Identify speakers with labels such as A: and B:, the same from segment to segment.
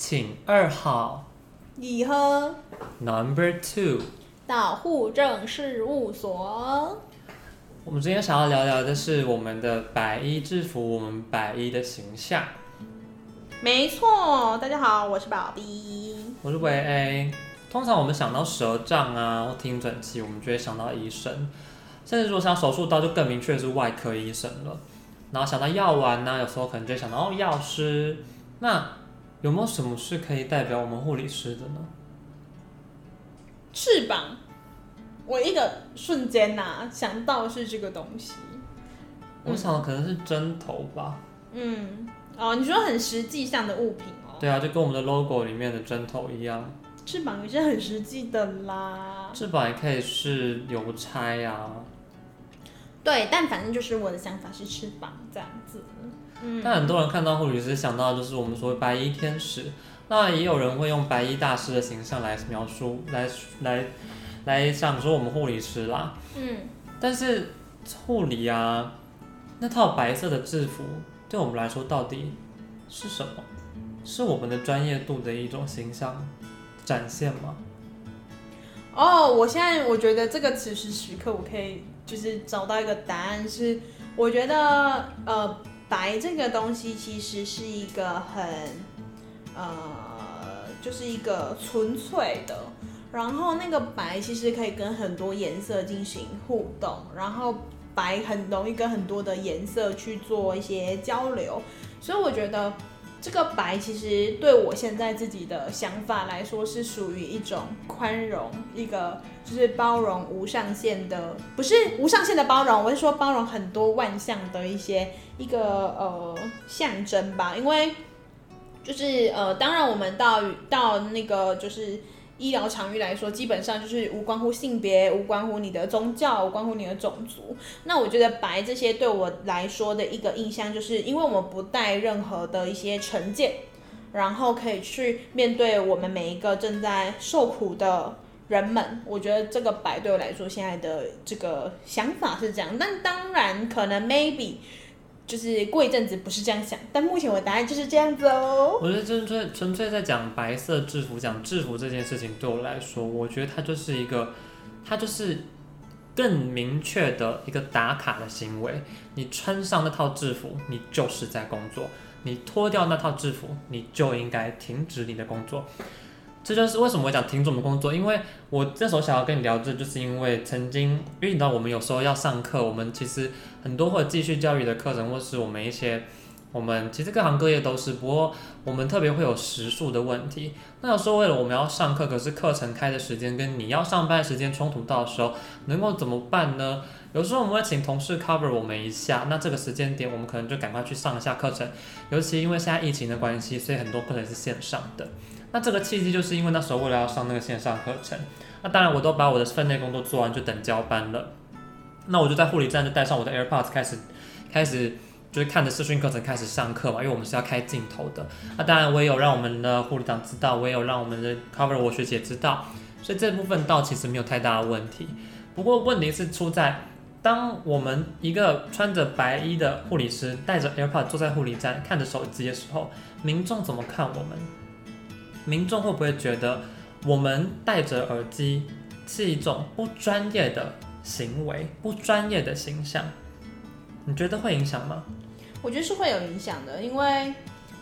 A: 請二號。
B: 李亨喝。
A: Number two。
B: 到護症事務所。
A: 我們今天想要聊聊的是我們的白衣制服，我們白衣的形象。
B: 沒錯，大家好，我是寶比。
A: 我是維 A。通常我們想到舌杖啊，或聽診器，我們就會想到醫生。甚至說，想到手術刀，就更明確是外科醫生了。然後想到藥丸呢、啊，有時候可能就會想到哦藥師。那。有沒有什麼是可以代表我們護理師的呢？
B: 翅膀，我一個瞬間吶，啊，想到是這個東西。
A: 我想的可能是針頭吧。
B: 嗯，哦，你說很實際上的物品
A: 哦。對啊，就跟我們的 logo 裡面的針頭一樣。
B: 翅膀也是很實際的啦。
A: 翅膀也可以是郵差啊。
B: 對，但反正就是我的想法是翅膀這樣子。嗯，但很多
A: 人看到護理師想到就是我們所謂白衣天使，那也有人會用白衣大師的形象來描述，來來來，想說我們護理師啦。嗯，但是護理啊，那套白色的制服對我們來說到底是什麼？是我們的專業度的一種形象展現嗎？
B: 哦，我現在我覺得這個此時此刻我可以。就是找到一個答案是，我覺得呃白這個東西其實是一個很呃就是一個純粹的，然後那個白其實可以跟很多顏色進行互動，然後白很容易跟很多的顏色去做一些交流，所以我覺得。這個白其實對我現在自己的想法來說，是屬於一種寬容，一個就是包容無上限的，不是無上限的包容，我是說包容很多萬象的一些一個呃象徵吧，因為就是呃，當然我們到到那個就是。醫療場域來說，基本上就是無關乎性別，無關乎你的宗教，無關乎你的種族。那我覺得白這些對我來說的一個印象，就是因為我們不帶任何的一些成見，然後可以去面對我們每一個正在受苦的人們。我覺得這個白對我來說現在的這個想法是這樣，但當然可能 maybe。就是過一陣子不是這樣想，但目前我的答案就
A: 是這樣子哦。我覺得純粹純粹在講白色制服，講制服這件事情對我來說，我覺得它就是一個，它就是更明確的一個打卡的行為。你穿上那套制服，你就是在工作；你脫掉那套制服，你就應該停止你的工作。這就是為什麼我講停止我們工作，因為我這時候想要跟你聊，這就是因為曾經，因為你知道我們有時候要上課，我們其實很多或者繼續教育的課程，或是我們一些，我們其實各行各業都是，不過我們特別會有時數的問題。那有時候為了我們要上課，可是課程開的時間跟你要上班的時間衝突，到時候能夠怎麼辦呢？有時候我們會請同事 cover 我們一下，那這個時間點我們可能就趕快去上一下課程。尤其因為現在疫情的關係，所以很多課程是線上的。那這個契機就是因為那時候為了要上那個線上課程，那當然我都把我的分內工作做完就等交班了。那我就在護理站就帶上我的 AirPods 開始，開始就是看着視訊課程開始上課嘛，因為我們是要開鏡頭的。那當然我也有讓我們的護理長知道，我也有讓我們的 cover 我學姐知道，所以這部分倒其實沒有太大的問題。不過問題是出在，當我們一個穿着白衣的護理師帶着 AirPods 坐在護理站看着手機的時候，民眾怎麼看我們？民眾會不會覺得我們戴着耳機是一種不專業的行為、不專業的形象？你覺得會影響嗎？
B: 我覺得是會有影響的，因為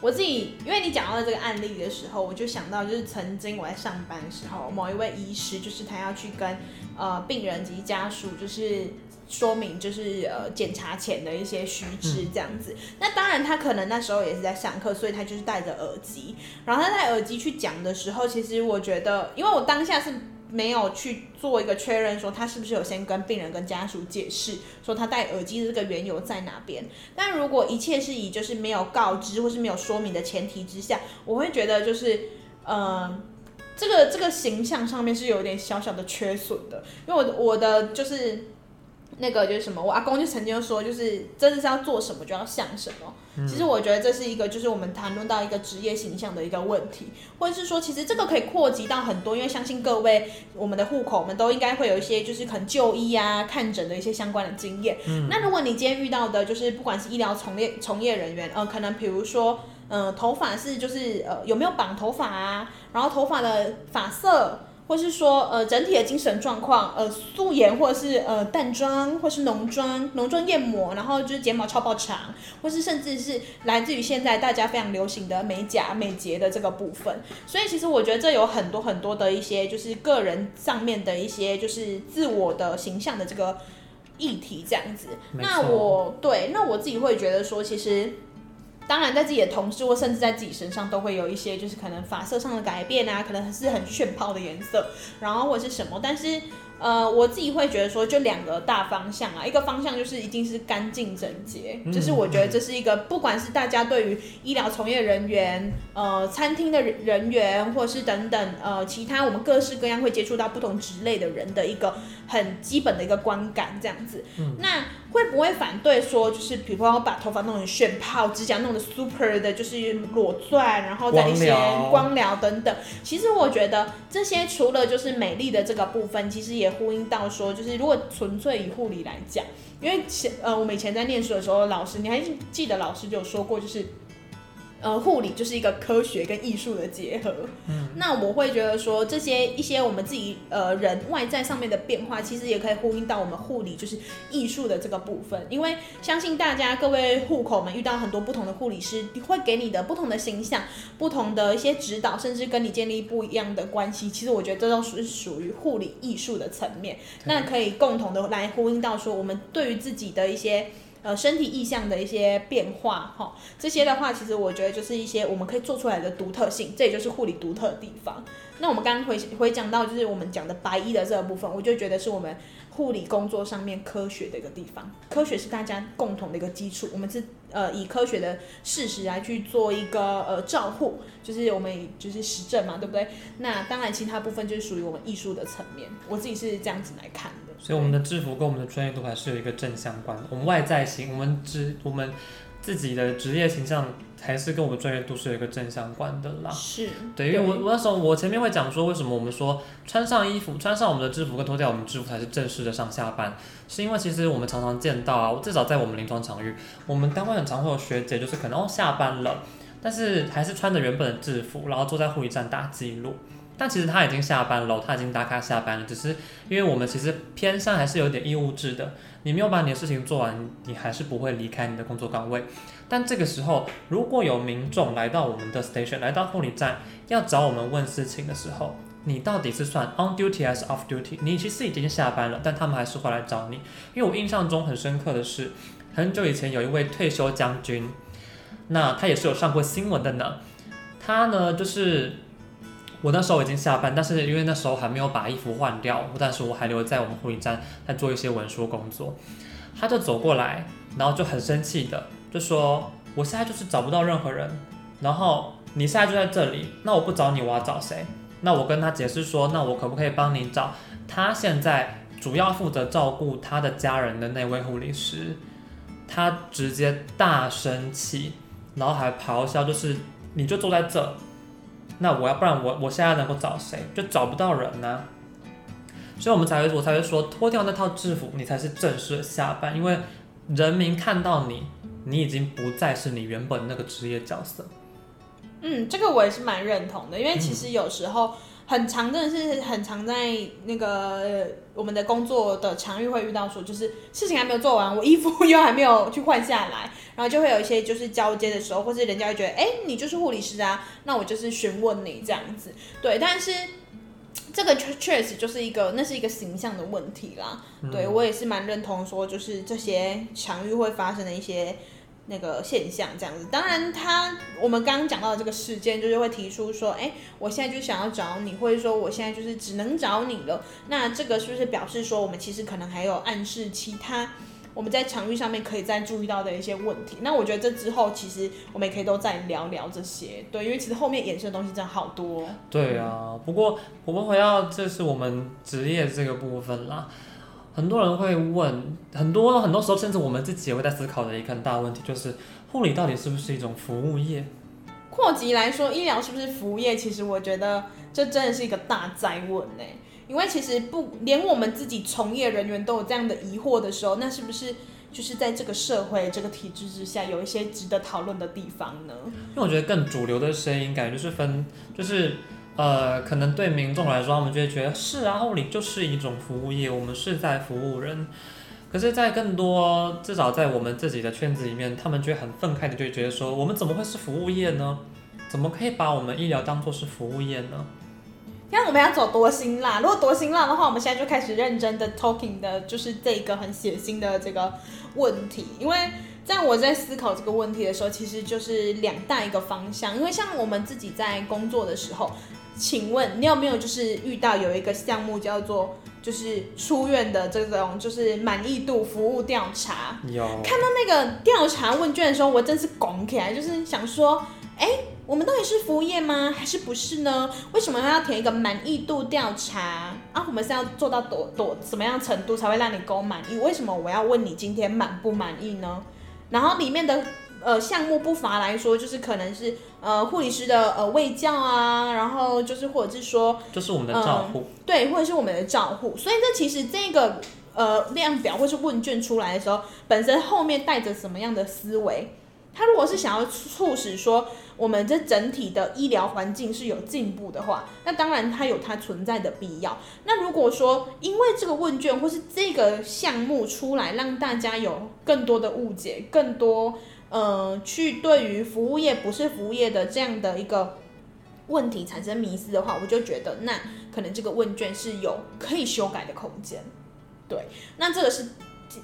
B: 我自己，因為你講到這個案例的時候，我就想到就是曾經我在上班的時候，某一位醫師，就是他要去跟，呃，病人及家屬，就是。說明就是呃，檢查前的一些須知這樣子。那當然，他可能那時候也是在上課，所以他就是戴着耳機。然後他戴耳機去講的時候，其實我覺得，因為我當下是沒有去做一個確認，說他是不是有先跟病人跟家屬解釋，說他戴耳機的這個緣由在哪邊。但如果一切是以就是沒有告知或是沒有說明的前提之下，我會覺得就是嗯、呃，這個這個形象上面是有點小小的缺損的，因為我我的就是。那個就是什麼，我阿公就曾經說就是真的是要做什麼就要像什麼。嗯、其實我覺得這是一個，就是我們談論到一個職業形象的一個問題，或者是說，其實這個可以擴及到很多，因為相信各位我們的戶口我們都應該會有一些，就是可能就醫啊、看診的一些相關的經驗。嗯、那如果你今天遇到的就是不管是醫療從業從業人員，呃，可能比如說，嗯、呃，頭髮是就是呃有沒有綁頭髮啊，然後頭髮的髮色。或是說，呃，整體的精神狀況，呃，素顏或，或者是呃，淡妝，或者是濃妝，濃妝艷抹，然後就是睫毛超爆長，或是甚至是來自於現在大家非常流行的美甲、美睫的這個部分。所以，其實我覺得這有很多很多的一些，就是個人上面的一些，就是自我的形象的這個議題，這樣子。沒事。那我對，那我自己會覺得說，其實。當然，在自己的同事或甚至在自己身上，都會有一些就是可能髮色上的改變啊，可能是很炫泡的顏色，然後或者是什麼。但是，呃，我自己會覺得說，就兩個大方向啊，一個方向就是一定是乾淨整潔，嗯、就是我覺得這是一個，不管是大家對於醫療從業人員、呃，餐廳的人員，或者是等等，呃，其他我們各式各樣會接觸到不同職類的人的一個很基本的一個觀感這樣子。嗯、那。會不會反對說，就是比方我把頭髮弄成炫泡，指甲弄的 super 的，就是裸鑽，然後在一些光療等等。其實我覺得這些除了就是美麗的這個部分，其實也呼應到說，就是如果純粹以護理來講，因為前呃，我們以前在念書的時候，老師你還記得老師就有說過，就是。呃，護理就是一個科學跟藝術的結合。嗯，那我會覺得說，這些一些我們自己呃人外在上面的變化，其實也可以呼應到我們護理就是藝術的這個部分。因為相信大家各位護口們遇到很多不同的護理師，會給你的不同的形象、不同的一些指導，甚至跟你建立不一樣的關係。其實我覺得這都是屬於護理藝術的層面，嗯、那可以共同的來呼應到說，我們對於自己的一些。呃，身體意象的一些變化，哈、哦，這些的話，其實我覺得就是一些我們可以做出來的獨特性，這也就是護理獨特的地方。那我們剛剛回回講到，就是我們講的白衣的這個部分，我就覺得是我們。護理工作上面科學的一個地方。科學是大家共同的一個基礎，我們是呃以科學的事實來去做一個呃照護。就是我們就是實證嘛，對不對？那當然其他部分就是屬於我們藝術的層面，我自己是這樣子來看的。
A: 所以，所以我們的制服跟我們的專業度還是有一個正相關的，我們外在型，我們只我們。自己的職業形象還是跟我們專業度是有一個正相關的啦。是，對，我，我那時候我前面會講說，為什麼我們說穿上衣服，穿上我們的制服跟脫掉我們制服才是正式的上下班，是因為其實我們常常見到啊，至少在我們臨床場域，我們單位很常會有學姐，就是可能哦下班了，但是還是穿着原本的制服，然後坐在護理站打記錄。但其實他已經下班了哦，他已經打卡下班了。只是因為我們其實偏向還是有點義務制的，你沒有把你的事情做完，你還是不會離開你的工作崗位。但這個時候，如果有民眾來到我們的 station，來到護理站，要找我們問事情的時候，你到底是算 on duty 還是 off duty？你其實已經下班了，但他們還是會來找你。因為我印象中很深刻的是，很久以前有一位退休將軍，那他也是有上過新聞的呢。他呢就是。我那時候已經下班，但是因為那時候還沒有把衣服換掉，但是我還留在我們護理站在做一些文書工作。他就走過來，然後就很生氣的就說：“我現在就是找不到任何人，然後你現在就在這裡，那我不找你我要找誰？”那我跟他解釋說：“那我可不可以幫你找他現在主要負責照顧他的家人的那位護理師？”他直接大生氣，然後還咆哮：“就是你就坐在這。”那我要不然我我現在能夠找誰就找不到人呢、啊，所以我們才會我才會說脫掉那套制服，你才是正式的下班，因為人民看到你，你已經不再是你原本那個職業角色。
B: 嗯，這個我也是蠻認同的，因為其實有時候。嗯很常真的是很常在那個我們的工作的場域，會遇到說，就是事情還沒有做完，我衣服又還沒有去換下來，然後就會有一些就是交接的時候，或是人家會覺得，哎、欸，你就是護理師啊，那我就是詢問你這樣子。對，但是這個確確實實就是一個，那是一個形象的問題啦。對，我也是蠻認同說，就是這些場域會發生的一些。那個現象這樣子，當然他我們剛剛講到的這個事件，就是會提出說，哎、欸，我現在就想要找你，或者說我現在就是只能找你了。那這個是不是表示說，我們其實可能還有暗示其他我們在場域上面可以再注意到的一些問題？那我覺得這之後其實我們也可以都再聊聊這些，對，因為其實後面衍生的東西真的好多。
A: 對啊，不過我們回到這是我們職業這個部分啦。很多人會問，很多很多時候，甚至我們自己也會在思考的一個大問題，就是護理到底是不是一種服務業？
B: 擴及來說，醫療是不是服務業？其實我覺得這真的是一個大哉問呢。因為其實不連我們自己從業人員都有這樣的疑惑的時候，那是不是就是在這個社會這個體制之下有一些值得討論的地方呢？因為
A: 我覺得更主流的聲音，感覺就是分就是。呃，可能對民眾來說，他們就會覺得是啊，護理就是一種服務業，我們是在服務人。可是，在更多，至少在我們自己的圈子裡面，他們覺得很憤慨的，就覺得說，我們怎麼會是服務業呢？怎麼可以把我們醫療當做是服務業呢？
B: 因為我們要走多辛辣？如果多辛辣的話，我們現在就開始認真的 talking 的就是這個很血腥的這個問題。因為在我在思考這個問題的時候，其實就是兩大一個方向。因為像我們自己在工作的時候。請問你有沒有就是遇到有一個項目叫做就是出院的這種就是滿意度服務調查？有看到那個調查問卷的時候，我真是拱起來，就是想說，哎、欸，我們到底是服務業嗎？還是不是呢？為什麼要填一個滿意度調查啊？我們是要做到多多怎麼樣程度才會讓你夠滿意？為什麼我要問你今天滿不滿意呢？然後裡面的。呃，項目不乏來說，就是可能是呃護理師的呃衛教啊，然後就是或者是說，就是我們的照護、呃，對，或者是我們的照護。所以這其實這個呃量表或是問卷出來的時候，本身後面帶着什麼樣的思維？他如果是想要促使說我們這整體的醫療環境是有進步的話，那當然它有它存在的必要。那如果說因為這個問卷或是這個項目出來，讓大家有更多的誤解，更多。呃，去對於服務業不是服務業的這樣的一個問題產生迷思的話，我就覺得那可能這個問卷是有可以修改的空間。對，那這個是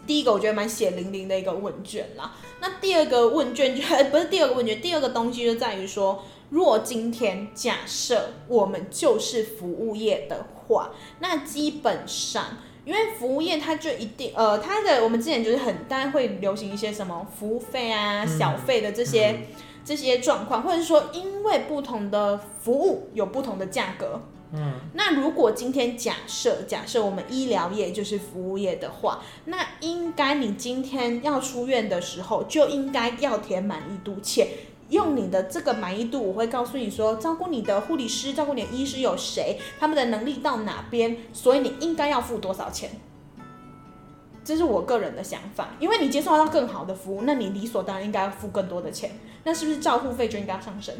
B: 第一個我覺得蠻血淋淋的一個問卷啦。那第二個問卷就不是第二個問卷，第二個東西就在於說，若今天假設我們就是服務業的話，那基本上。因為服務業它就一定呃，它的我們之前就是很，大家會流行一些什麼服務費啊、小費的這些、嗯嗯、這些狀況，或者是說，因為不同的服務有不同的價格。嗯，那如果今天假設假設我們醫療業就是服務業的話，那應該你今天要出院的時候就應該要填滿意度且。用你的這個滿意度，我會告訴你說，照顧你的護理師、照顧你的醫師有誰，他們的能力到哪邊，所以你應該要付多少錢。這是我個人的想法，因為你接受到更好的服務，那你理所當然應該要付更多的錢，那是不是照護費就應該要上升？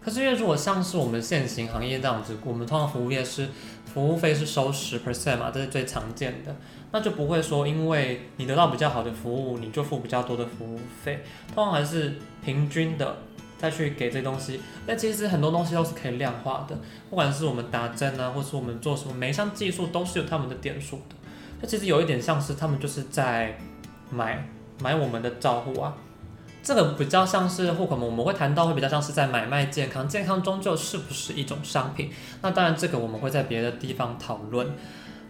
A: 可是，因為如果像是我們的現行行業這樣子，我們通常服務業是。服務費是收十 percent 嘛，這是最常見的，那就不會說因為你得到比較好的服務，你就付比較多的服務費，通常還是平均的再去給這些東西。那其實很多東西都是可以量化的，不管是我們打針啊，或是我們做什麼，每一項技術都是有他們的點數的。那其實有一點像是他們就是在買買我們的照護啊。這個比較像是戶口，我們會談到會比較像是在買賣健康，健康終究是不是一種商品？那當然，這個我們會在別的地方討論。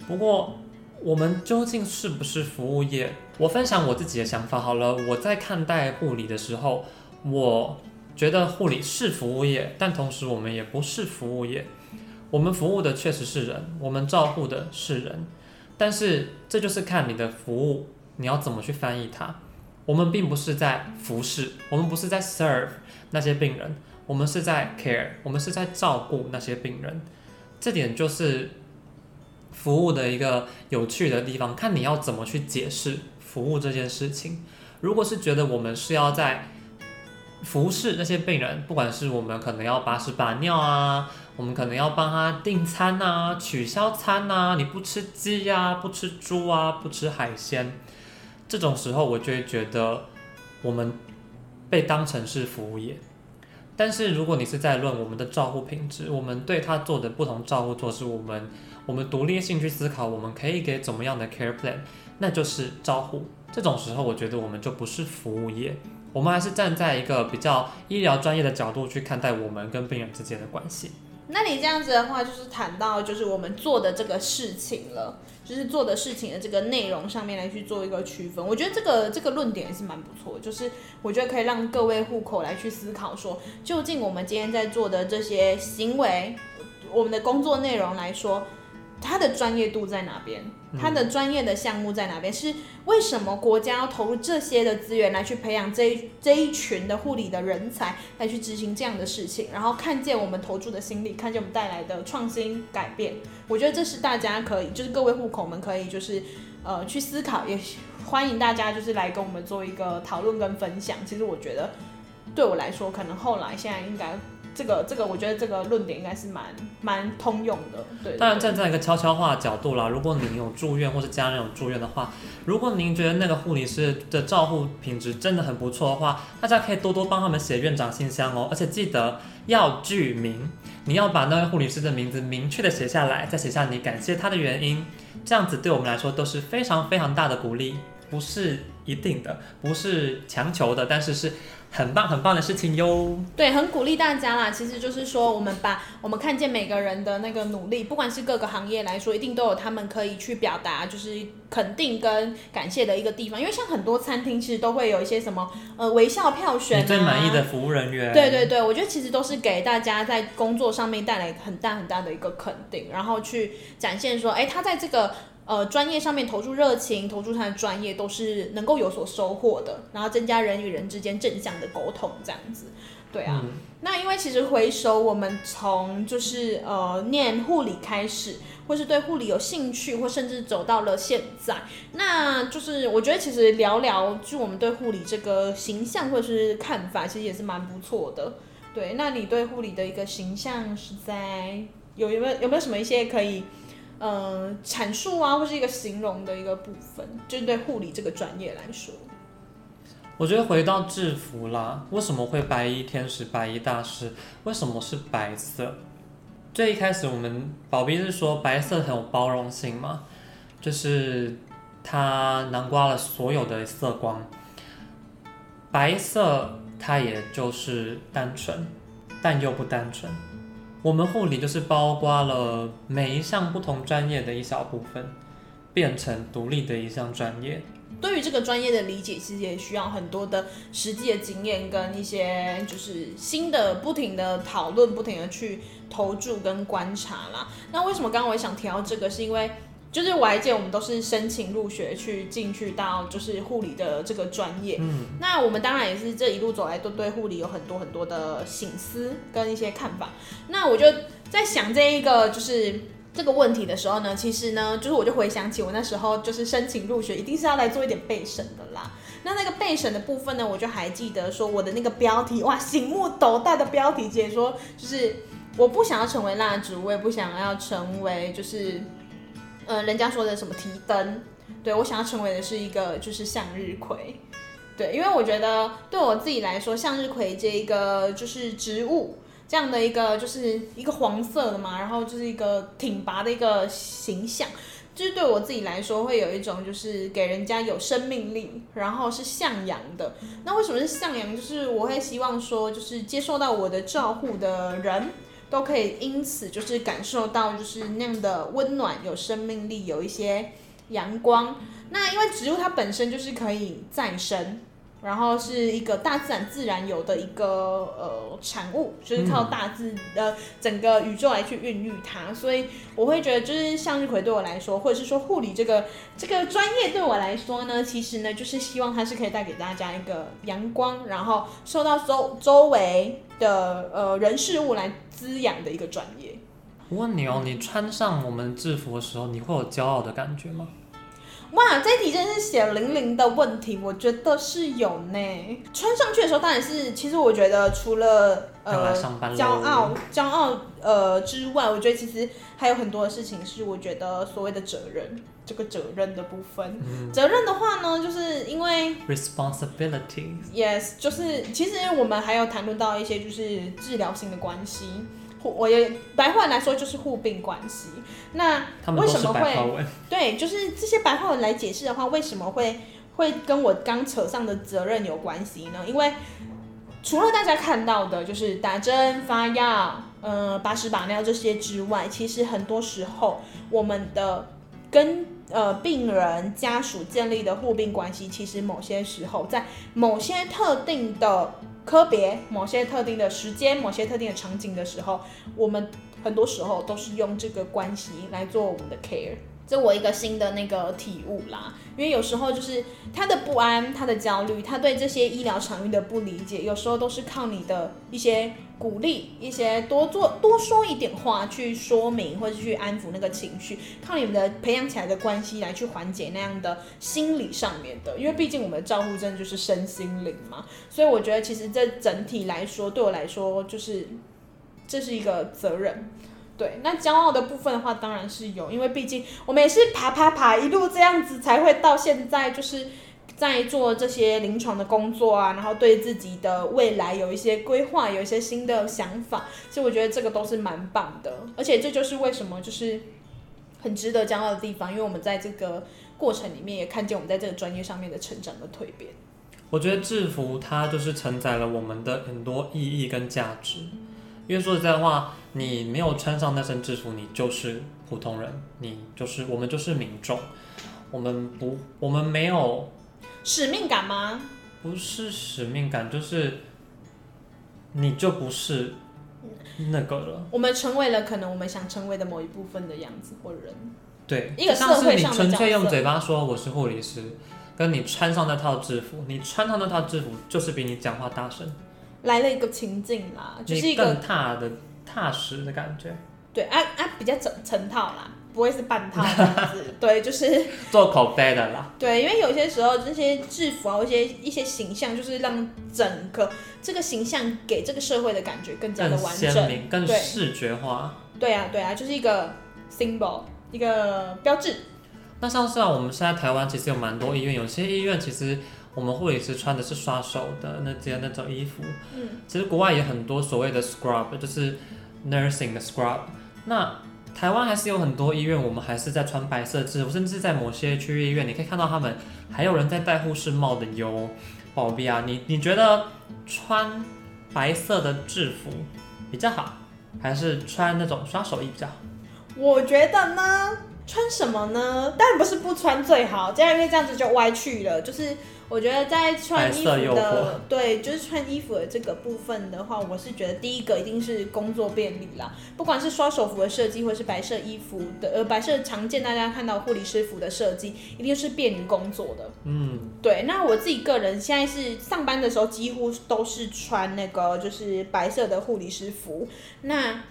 A: 不過，我們究竟是不是服務業？我分享我自己的想法好了。我在看待護理的時候，我覺得護理是服務業，但同時我們也不是服務業。我們服務的確實是人，我們照護的是人，但是這就是看你的服務，你要怎麼去翻譯它。我們並不是在服侍，我們不是在 serve 那些病人，我們是在 care，我們是在照顧那些病人。這點就是服務的一個有趣的地方，看你要怎麼去解釋服務這件事情。如果是覺得我們是要在服侍那些病人，不管是我們可能要把屎把尿啊，我們可能要幫他訂餐啊、取消餐啊，你不吃雞呀、啊啊，不吃豬啊，不吃海鮮。這種時候，我就會覺得，我們被當成是服務業。但是，如果你是在論我們的照護品質，我們對他做的不同照護措施，我們我們獨立性去思考，我們可以給怎麼樣的 care plan，那就是照護。這種時候，我覺得我們就不是服務業，我們還是站在一個比較醫療專業的角度去看待我們跟病人之間的關係。
B: 那你這樣子的話，就是談到就是我們做的這個事情了。就是做的事情的這個內容上面來去做一個區分，我覺得這個這個論點也是蠻不錯的，就是我覺得可以讓各位護口來去思考說，究竟我們今天在做的這些行為，我們的工作內容來說。他的專業度在哪邊？他的專業的項目在哪邊？嗯、是為什麼國家要投入這些的資源來去培養這一這一群的護理的人才來去執行這樣的事情？然後看見我們投注的心力，看見我們帶來的創新改變，我覺得這是大家可以，就是各位護口們可以，就是呃去思考，也歡迎大家就是來跟我們做一個討論跟分享。其實我覺得對我來說，可能後來現在應該。這個這個，這個、我覺得這個論點應該是蠻蠻通用
A: 的。對，當然站在一個悄悄話角度啦。如果你有住院或者家人有住院的話，如果您覺得那個護理師的照護品質真的很不錯的話，大家可以多多幫他們寫院長信箱哦。而且記得要具名，你要把那個護理師的名字明確地寫下來，再寫下你感謝他的原因。這樣子對我們來說都是非常非常大的鼓勵。不是一定的，不是強求的，但是是。很棒，很棒的事情喲！
B: 對，很鼓勵大家啦。其實就是說，我們把我們看見每個人的那個努力，不管是各個行業來說，一定都有他們可以去表達，就是肯定跟感謝的一個地方。因為像很多餐廳，其實都會有一些什麼呃微笑票選啊，最滿意的
A: 服務人員。對對
B: 對，我覺得其實都是給大家在工作上面帶來很大很大的一個肯定，然後去展現說，哎、欸，他在這個。呃，專業上面投注熱情，投注他的專業都是能夠有所收穫的，然後增加人與人之間正向的溝通，這樣子，對啊。嗯。那因為其實回首我們從就是呃念護理開始，或是對護理有興趣，或甚至走到了現在，那就是我覺得其實聊聊就我們對護理這個形象或者是看法，其實也是蠻不錯的。對，那你對護理的一個形象是在有有沒有有沒有什麼一些可以？呃，闡述啊，或是一個形容的一個部分，針、就是、對護理這個專業來說，
A: 我覺得回到制服啦，為什麼會白衣天使、白衣大師？為什麼是白色？最一開始我們寶貝是說白色很有包容性嘛，就是它囊括了所有的色光，白色它也就是單純，但又不單純。我們護理就是包括了每一項不同專業的一小部分，變成獨立的一項專業。
B: 對於這個專業的理解，其實也需要很多的實際的經驗跟一些就是新的、不停的討論、不停的去投注跟觀察啦。那為什麼剛剛我也想提到這個，是因為。就是我還記得我們都是申請入學去進去到就是護理的這個專業，嗯，那我們當然也是這一路走來都對護理有很多很多的省思跟一些看法。那我就在想這一個就是這個問題的時候呢，其實呢就是我就回想起我那時候就是申請入學一定是要來做一點備審的啦。那那個備審的部分呢，我就還記得說我的那個標題哇，醒目斗大的標題解說就是我不想要成為蠟燭，我也不想要成為就是。呃，人家說的什麼提燈，對，我想要成為的是一個就是向日葵，對，因為我覺得對我自己來說，向日葵這一個就是植物這樣的一個就是一個黃色的嘛，然後就是一個挺拔的一個形象，就是對我自己來說會有一種就是給人家有生命力，然後是向陽的。那為什麼是向陽？就是我會希望說就是接受到我的照顧的人。都可以因此就是感受到就是那樣的溫暖，有生命力、有一些陽光。那因為植物它本身就是可以再生。然後是一個大自然自然有的一個呃產物，就是靠大自、嗯、呃整個宇宙來去孕育它，所以我會覺得就是向日葵對我來說，或者是說護理這個這個專業對我來說呢，其實呢就是希望它是可以帶給大家一個陽光，然後受到周周圍的呃人事物來滋養的一個專業。
A: 我問你哦，嗯、你穿上我們制服的時候，你會有驕傲的感覺嗎？
B: 哇，這一題真是血淋淋的問題，我覺得是有呢。穿上去的時候，當然是，其實我覺得除了呃驕傲、驕傲呃之外，我覺得其實還有很多的事情是，我覺得所謂的責任這個責任的部分。嗯、責任的話呢，就是因為
A: responsibility，yes，
B: 就是其實我們還有談論到一些就是治療性的關係。我用白話來說，就是護病關係。那為什麼會？對，就是這些白話文來解釋的話，為什麼會會跟我剛扯上的責任有關係呢？因為除了大家看到的就是打針、發藥、呃、把屎把尿這些之外，其實很多時候我們的跟呃病人家屬建立的護病關係，其實某些時候在某些特定的。特別某些特定的時間、某些特定的場景的時候，我們很多時候都是用這個關係來做我們的 care。給我一個新的那個體悟啦，因為有時候就是他的不安、他的焦慮、他對這些醫療場域的不理解，有時候都是靠你的一些鼓勵、一些多做、多說一點話去說明或者去安撫那個情緒，靠你們的培養起來的關係來去緩解那樣的心理上面的。因為畢竟我們的照顧真的就是身心靈嘛，所以我覺得其實這整體來說，對我來說就是這是一個責任。對，那驕傲的部分的話，當然是有，因為畢竟我們也是爬爬爬爬，一路這樣子，才會到現在，就是在做這些臨床的工作啊，然後對自己的未來有一些規劃，有一些新的想法。所以我覺得這個都是蠻棒的，而且這就是為什麼就是很值得驕傲的地方，因為我們在這個過程裡面也看見我們在這個專業上面的成長的蛻變。
A: 我覺得制服它就是承載了我們的很多意義跟價值。嗯因為說實在話，你沒有穿上那身制服，你就是普通人，你就是我們就是民眾，我們不，我們沒有
B: 使命感嗎？
A: 不是使命感，就是你就不是那個了。
B: 我們成為了可能我們想成為的某一部分的樣子或人。對，一個社會上的角色。那是你純粹用嘴
A: 巴說我是護理師，跟你穿上那套制服，你穿上那套制服就是比你講話大聲。
B: 來了一個情境啦，就是一個
A: 踏的踏實的感覺。
B: 對啊啊，比較整成，成套啦，不會是半套的樣
A: 子。 對，就是做口碑的啦。
B: 對，因為有些時候那些制服啊，有一些一些形象，就是讓整個這個形象給這個社會的感覺更加的完整、更鮮明，更視覺化對。對啊，對啊，就是一個 symbol，一個標誌。
A: 那像是啊，我們現在台灣其實有蠻多醫院，嗯、有些醫院其實。我們護理師穿的是刷手的那件那種衣服。嗯，其實國外也有很多所謂的 scrub，就是 nursing 的 scrub。那台灣還是有很多醫院，我們還是在穿白色制服，甚至在某些區域醫院，你可以看到他們還有人在戴護士帽的喲，寶貝啊，你你覺得穿白色的制服比較好，還是穿那種刷手衣比較好？
B: 我覺得呢，穿什麼呢？當然不是不穿最好，這樣因為這樣子就歪曲了，就是。我覺得在穿衣服的，對，就是穿衣服的這個部分的話，我是覺得第一個一定是工作便利啦。不管是刷手服的設計，或者是白色衣服的，呃，白色常見大家看到護理師服的設計，一定是便於工作的。嗯，對。那我自己個人現在是上班的時候，幾乎都是穿那個就是白色的護理師服。那，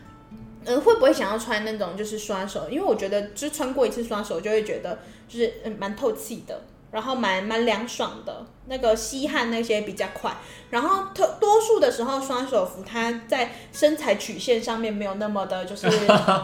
B: 呃，會不會想要穿那種就是刷手？因為我覺得，就穿過一次刷手，就會覺得就是嗯，呃、蠻透氣的。然後蠻蠻涼爽的，那個吸汗，那些比較快。然後特多數的時候雙手服，它在身材曲線上面沒有那麼的，就是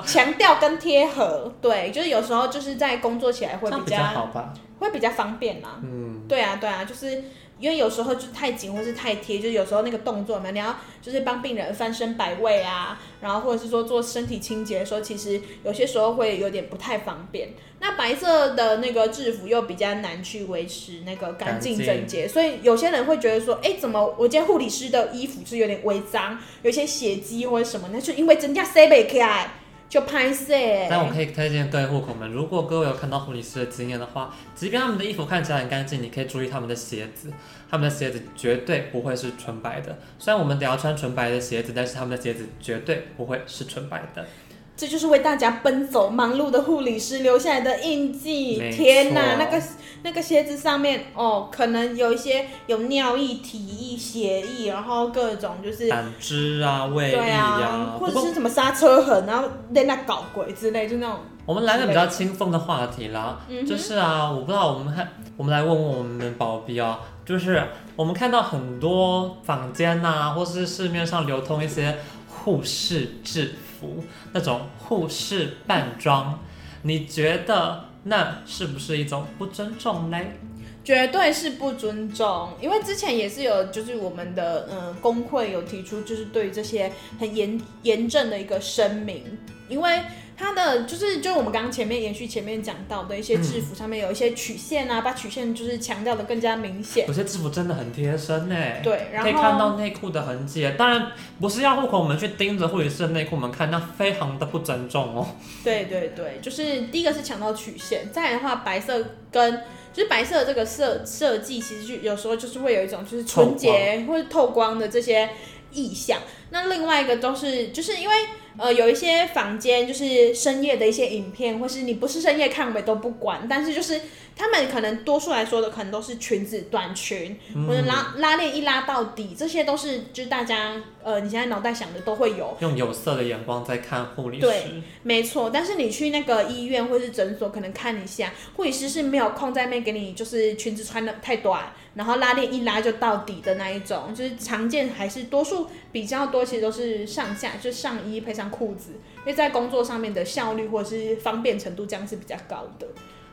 B: 強調跟貼合。 對，就是有時候就是在工作起來會比較，比較好吧，會比較方便啦，啊。嗯，對啊，對啊，就是。因為有時候就太緊，或是太貼，就是有時候那個動作嘛，你要就是幫病人翻身擺位啊，然後或者是說做身體清潔的時候，其實有些時候會有點不太方便。那白色的那個制服又比較難去維持那個乾淨整潔，淨所以有些人會覺得說，哎、欸，怎麼我今天護理師的衣服是有點微髒，有些血跡或者什麼？那就因為真的洗不清就拍攝。但我可
A: 以推薦各位護口們，如果各位有看到護理師的經驗的話，即便他們的衣服看起來很乾淨，你可以注意他們的鞋子，他們的鞋子絕對不會是純白的。雖然我們得要穿純白的鞋子，但是他們的鞋子絕對不會是純白的。
B: 這就是為大家奔走忙碌的護理師留下來的印記。錯天吶，那個那個鞋子上面哦，可能有一些有尿液、體液、血液，然後各種就是。膽
A: 汁啊，胃液啊，嗯、啊不或
B: 者是什麼剎車痕，然後在那搞鬼之類，就那種。
A: 我們來個比較輕鬆的話題啦，嗯、哼就是啊，我不知道我們還，我們來問問我們的寶貝啊、哦，就是我們看到很多坊間吶、啊，或是市面上流通一些護士制。服，那種護士扮裝，你覺得那是不是一種不尊重呢？
B: 絕對是不尊重，因為之前也是有，就是我們的嗯、呃、工會有提出，就是對於這些很嚴嚴正的一個聲明，因為。它的就是就我們剛剛前面延續前面講到的一些制服上面有一些曲線啊，嗯、把曲線就是強調的更加明顯。有些
A: 制服真的很貼身哎，對，然後可以看到內褲的痕跡。當然不是要護口我們去盯着或者是內褲我們看，那非常的不尊重哦。
B: 對對對，就是第一個是強調曲線，再來的話白色跟就是白色的這個設設計其實就有時候就是會有一種就是純潔或者透光的這些意象。透光。那另外一個都是就是因為。呃，有一些房間就是深夜的一些影片，或是你不是深夜看我也都不管，但是就是。他們可能多數來說的，可能都是裙子、短裙、嗯、或者拉拉鏈一拉到底，這些都是就是大家呃，你現在腦袋想的都會有。用
A: 有色的眼光在看護理師。對，
B: 沒錯。但是你去那個醫院或者是診所，可能看一下，護理師是沒有空在那邊給你就是裙子穿得太短，然後拉鏈一拉就到底的那一種。就是常見還是多數比較多，其實都是上下就上衣配上褲子，因為在工作上面的效率或者是方便程度這樣是比較高的。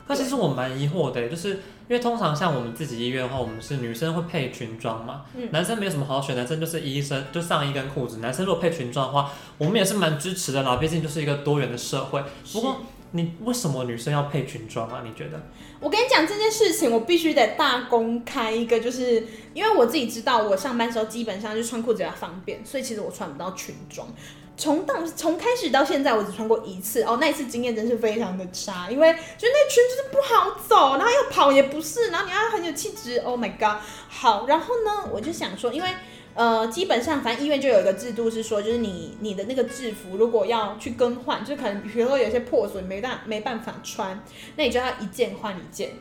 A: 那其實我蠻疑惑的，就是因為通常像我們自己醫院的話，我們是女生會配裙裝嘛，嗯、男生沒有什麼好選，男生就是醫生就上衣跟褲子。男生如果配裙裝的話，我們也是蠻支持的啦，畢竟就是一個多元的社會。不過你為什麼女生要配裙裝啊？你覺得？
B: 我跟你講這件事情，我必須得大公開一個，就是因為我自己知道，我上班時候基本上就穿褲子比較方便，所以其實我穿不到裙裝。從到從開始到現在，我只穿過一次哦。那一次經驗真是非常的差，因為就是那裙子不好走，然後又跑也不是，然後你要很有氣質。Oh my god！好，然後呢，我就想說，因為呃，基本上反正醫院就有一個制度是說，就是你你的那個制服如果要去更換，就是可能學會有些破損沒辦沒辦法穿，那你就要一件換一件。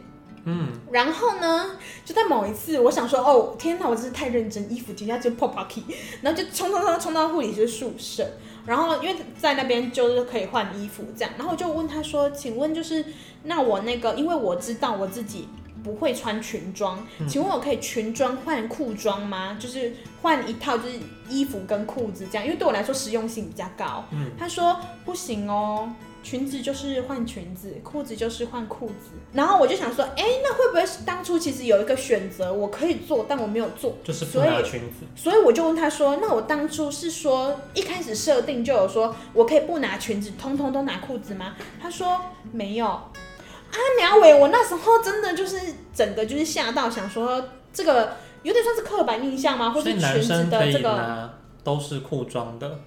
B: 嗯，然後呢，就在某一次，我想說，哦，天哪，我真是太認真，衣服脫下就破破，然後就冲衝到衝到護理師宿舍，然後因為在那邊就是可以換衣服這樣，然後我就問他說，請問就是那我那個，因為我知道我自己不會穿裙裝，請問我可以裙裝換褲裝嗎？就是換一套就是衣服跟褲子這樣，因為對我來說實用性比較高。嗯，他說不行哦。裙子就是換裙子，褲子就是換褲子。然後我就想說，哎、欸，那會不會是當初其實有一個選擇，我可以做，但我沒有做，就
A: 是不拿裙子所。
B: 所以我就問他說，那我當初是說一開始設定就有說，我可以不拿裙子，通通都拿褲子嗎？他說沒有。阿、啊、苗偉，我那時候真的就是整個就是嚇到，想說這個有點像是刻板印象嗎？或是男生的這個
A: 都是褲裝的，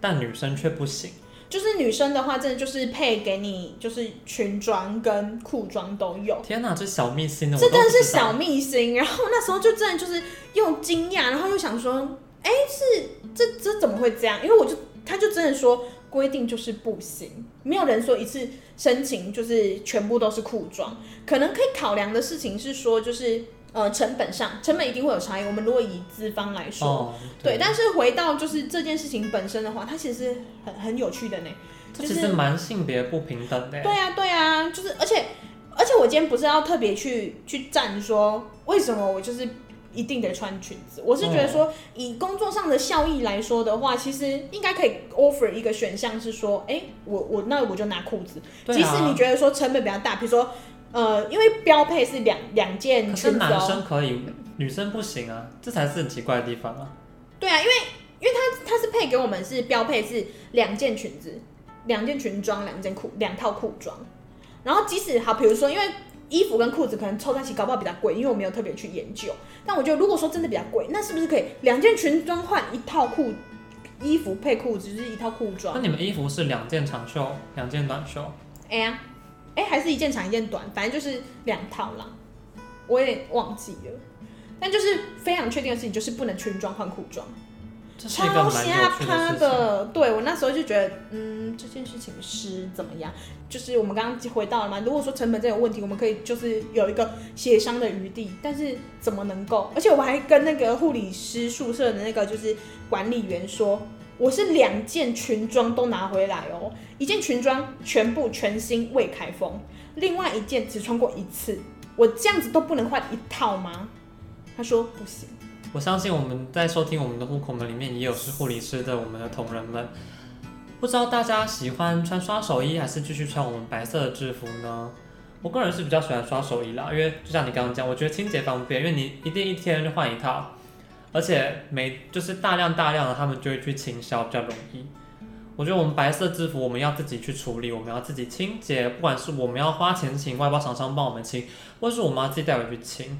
A: 但女生卻不行。
B: 就是女生的話，真的就是配給你，就是裙裝跟褲裝都有。
A: 天哪，這小秘辛的，這真的是小秘
B: 辛。然後那時候就真的就是又驚訝，然後又想說，哎，是這這怎麼會這樣？因為我就他就真的說規定就是不行，沒有人說一次申請就是全部都是褲裝，可能可以考量的事情是說就是。呃，成本上，成本一定會有差異。我們如果以資方來說，哦、對，對，但是回到就是這件事情本身的話，它其實是很很有趣的呢。其實蠻、就
A: 是、性別不平等的。對
B: 啊，對啊，就是而且而且，而且我今天不是要特別去去站說為什麼我就是一定得穿裙子？我是覺得說，以工作上的效益來說的話，嗯、其實應該可以 offer 一個選項是說，哎、欸，我我那我就拿褲子。啊、即使你覺得說成本比較大，比如說。呃，因為標配是兩兩件裙子，喔，是男生可
A: 以，女生不行啊，這才是很奇怪的地方啊。
B: 對啊，因為因為它它是配給我們是標配是兩件裙子，兩件裙裝，兩件褲，兩套褲裝。然後即使好，比如說因為衣服跟褲子可能湊在一起搞不好比較貴，因為我沒有特別去研究。但我覺得如果說真的比較貴，那是不是可以兩件裙裝換一套褲，衣服配褲子就是一套褲裝？那你們
A: 衣服是兩件長袖，兩件短袖？
B: 哎呀、欸啊。哎、欸，還是一件長一件短，反正就是兩套啦，我也忘記了。但就是非常確定的，的、的事情，就是不能裙裝換褲裝，超瞎趴的。對，我那時候就覺得，嗯，這件事情是怎麼樣？就是我們剛剛回到了嘛。如果說成本上有問題，我們可以就是有一個協商的餘地。但是怎麼能夠？而且我還跟那個護理師宿舍的那個就是管理員說。我是兩件裙裝都拿回來哦，一件裙裝全部全新未開封，另外一件只穿過一次，我這樣子都不能換一套嗎？他說不行。
A: 我相信我們在收聽我們的護口們裡面也有是護理師的我們的同仁們，不知道大家喜歡穿刷手衣還是繼續穿我們白色的制服呢？我個人是比較喜歡刷手衣啦，因為就像你剛剛講，我覺得清潔方便，因為你一定一天就換一套。而且每就是大量大量的，他們就會去清消比較容易。我覺得我們白色制服我們要自己去處理，我們要自己清潔，不管是我們要花錢請外包廠商商幫我們清，或是我們要自己帶回去清，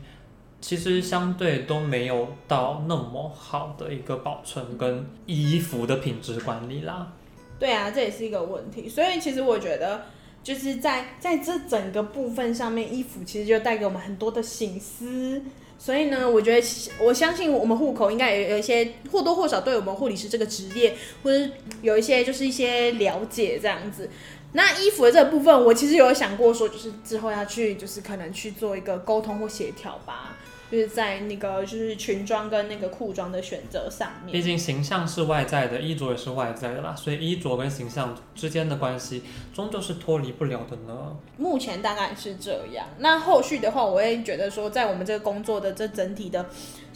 A: 其實相對都沒有到那麽好的一個保存跟衣服的品質管理啦。
B: 對啊，這也是一個問題。所以其實我覺得就是在在這整個部分上面，衣服其實就帶給我們很多的省思。所以呢，我覺得我相信我們護口應該也有一些或多或少對我們護理師這個職業，或者有一些就是一些了解這樣子。那衣服的這個部分，我其實有想過說，就是之後要去，就是可能去做一個溝通或協調吧。就是在那個就是裙裝跟那個褲裝的選擇上面，畢
A: 竟形象是外在的，衣着也是外在的啦，所以衣着跟形象之間的關係終究是脫離不了的呢。
B: 目前當然是這樣，那後續的話，我也覺得說，在我們這個工作的這整體的。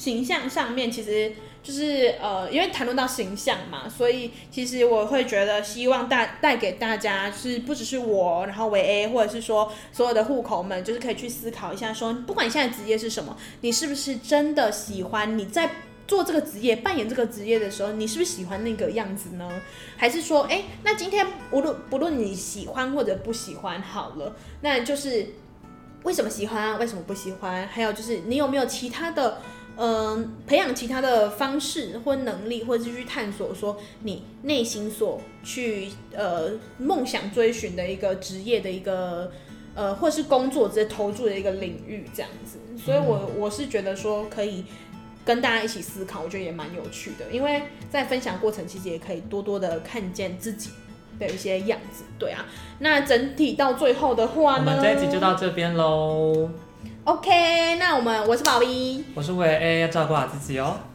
B: 形象上面其實就是呃，因為談論到形象嘛，所以其實我會覺得希望帶帶給大家是不只是我，然後維 A 或者是說所有的護口們，就是可以去思考一下說，說不管你現在職業是什麼，你是不是真的喜歡你在做這個職業、扮演這個職業的時候，你是不是喜歡那個樣子呢？還是說，誒、欸，那今天無論不論你喜歡或者不喜歡，好了，那就是為什麼喜歡，為什麼不喜歡？還有就是你有沒有其他的？嗯、呃，培養其他的方式或能力，或者是去探索說你內心所去呃夢想追尋的一個職業的一個呃或是工作直接投注的一個領域這樣子，所以我我是覺得說可以跟大家一起思考，我覺得也蠻有趣的，因為在分享過程其實也可以多多的看見自己的一些樣子，對啊，那整體到最後的話呢，我們這一集就到
A: 這邊嘍。
B: OK，那我們我是寶一，
A: 我是維 A，要照顧好自己哦。